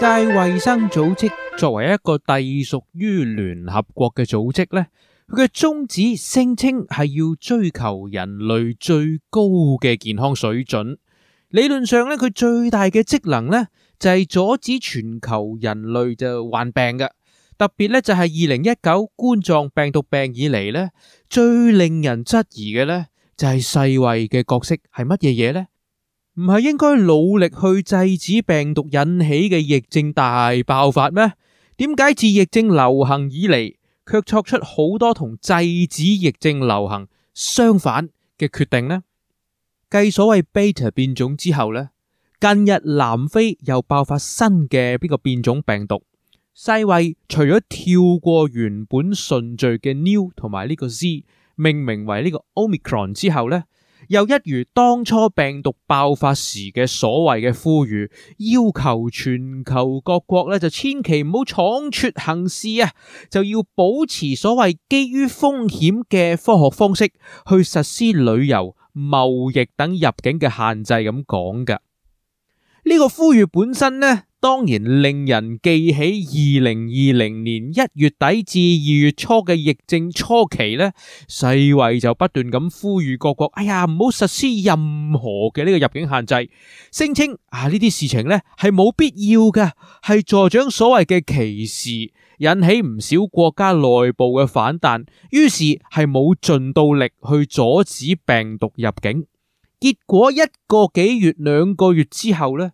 世界衛生組織作為一個隸屬於聯合國嘅組織呢，佢嘅宗旨聲稱係要追求人類最高嘅健康水準。理論上呢，佢最大嘅職能呢就係阻止全球人類就患病嘅。特別呢就係二零一九冠狀病毒病以嚟呢，最令人質疑嘅呢就係世衛嘅角色係乜嘢嘢呢？唔係應該努力去制止病毒引起嘅疫症大爆發咩？點解自疫症流行以嚟，卻作出好多同制止疫症流行相反嘅決定呢？繼所謂 Beta 變種之後呢，呢近日南非又爆發新嘅呢個變種病毒，世衛除咗跳過原本順序嘅 New 同埋呢個 Z，命名為呢個 Omicron 之後呢，又一如當初病毒爆發時嘅所謂嘅呼籲，要求全球各國咧就千祈唔好闖出行事啊，就要保持所謂基於風險嘅科學方式去實施旅遊、貿易等入境嘅限制咁講噶。呢個呼籲本身呢，當然令人記起二零二零年一月底至二月初嘅疫症初期呢，世衛就不斷咁呼籲各國：哎呀，唔好實施任何嘅呢個入境限制，聲稱啊，呢啲事情呢係冇必要嘅，係助長所謂嘅歧視，引起唔少國家內部嘅反彈。於是係冇盡到力去阻止病毒入境，結果一個幾月，兩個月之後呢。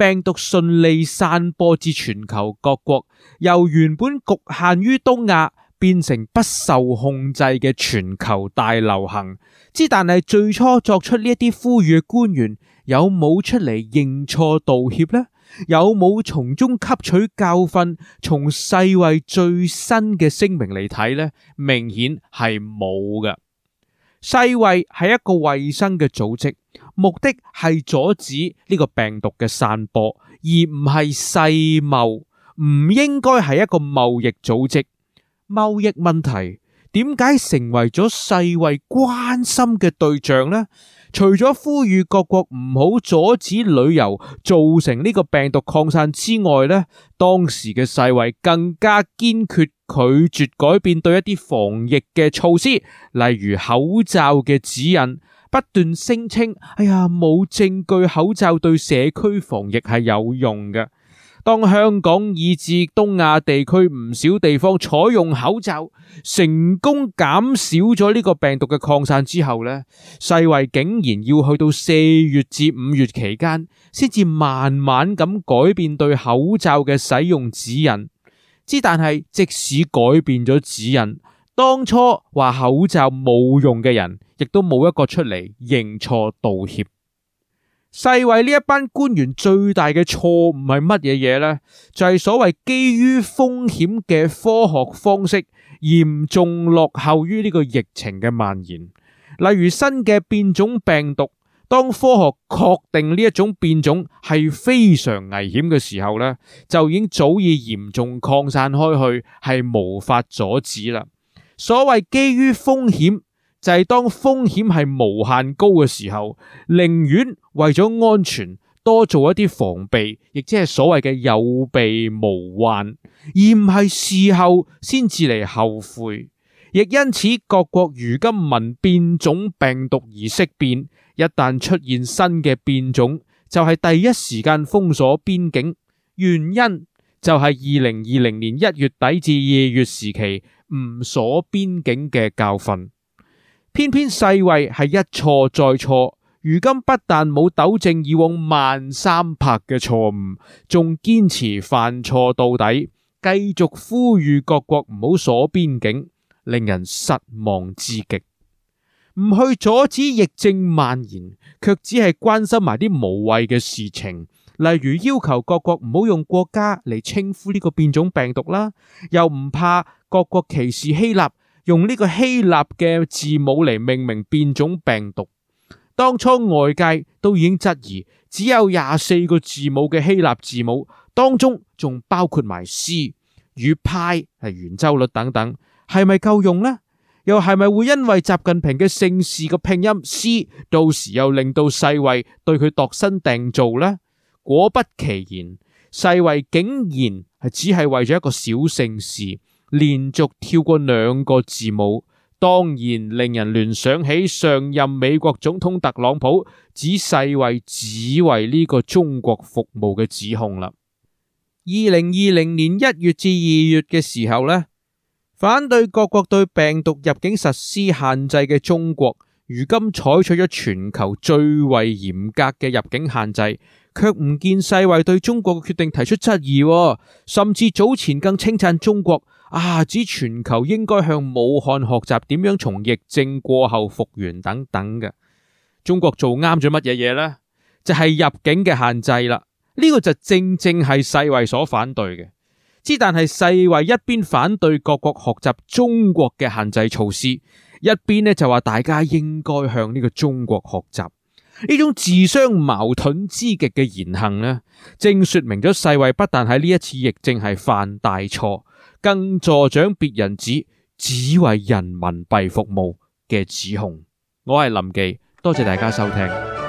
病毒順利散播至全球各國，由原本局限於東亞變成不受控制嘅全球大流行。之但係最初作出呢一啲呼籲嘅官員有冇出嚟認錯道歉呢？有冇從中吸取教訓？從世衛最新嘅聲明嚟睇呢，明顯係冇㗎。世衛係一個衛生嘅組織，目的係阻止呢個病毒嘅散播，而唔係世貿，唔應該係一個貿易組織。貿易問題點解成為咗世衛關心嘅對象呢？除咗呼籲各國唔好阻止旅遊造成呢個病毒擴散之外，呢當時嘅世衛更加堅決拒絕改變對一啲防疫嘅措施，例如口罩嘅指引，不斷聲稱：哎呀，冇證據口罩對社區防疫係有用嘅。當香港以至東亞地區唔少地方採用口罩，成功減少咗呢個病毒嘅擴散之後呢，世衛竟然要去到四月至五月期間，先至慢慢咁改變對口罩嘅使用指引。之但係，即使改變咗指引，當初話口罩冇用嘅人，亦都冇一個出嚟認錯道歉。世衛呢一班官員最大嘅錯誤係乜嘢嘢呢？就係所謂基於風險嘅科學方式，嚴重落後於呢個疫情嘅蔓延。例如新嘅變種病毒，當科學確定呢一種變種係非常危險嘅時候呢，就已經早已嚴重擴散開去，係無法阻止啦。所謂基於風險。就係當風險係無限高嘅時候，寧願為咗安全多做一啲防備，亦即係所謂嘅有備無患，而唔係事後先至嚟後悔。亦因此，各國如今聞變種病毒而色變，一旦出現新嘅變種，就係、是、第一時間封鎖邊境。原因就係二零二零年一月底至二月時期唔鎖邊境嘅教訓。偏偏世衛係一錯再錯，如今不但冇糾正以往慢三拍嘅錯誤，仲堅持犯錯到底，繼續呼籲各國唔好鎖邊境，令人失望之極。唔去阻止疫症蔓延，卻只係關心埋啲無謂嘅事情，例如要求各國唔好用國家嚟稱呼呢個變種病毒啦，又唔怕各國歧視希臘。用呢個希臘嘅字母嚟命名變種病毒，當初外界都已經質疑，只有廿四個字母嘅希臘字母當中，仲包括埋 C 與派，係圓周率等等，係咪夠用呢？又係咪會因為習近平嘅姓氏嘅拼音 C，到時又令到世衛對佢度身訂造呢？果不其然，世衛竟然係只係為咗一個小姓氏。連續跳過兩個字母，當然令人聯想起上任美國總統特朗普指世衛只為呢個中國服務嘅指控啦。二零二零年一月至二月嘅時候，呢反對各國對病毒入境實施限制嘅中國，如今採取咗全球最為嚴格嘅入境限制，卻唔見世衛對中國嘅決定提出質疑，甚至早前更稱讚中國。啊！指全球應該向武漢學習點樣從疫症過後復原等等嘅，中國做啱咗乜嘢嘢呢？就係入境嘅限制啦。呢個就正正係世衛所反對嘅。之但係世衛一邊反對各國學習中國嘅限制措施，一邊呢就話大家應該向呢個中國學習。呢種自相矛盾之極嘅言行呢，正說明咗世衛不但喺呢一次疫症係犯大錯，更助長別人指只為人民幣服務嘅指控。我係林忌，多謝大家收聽。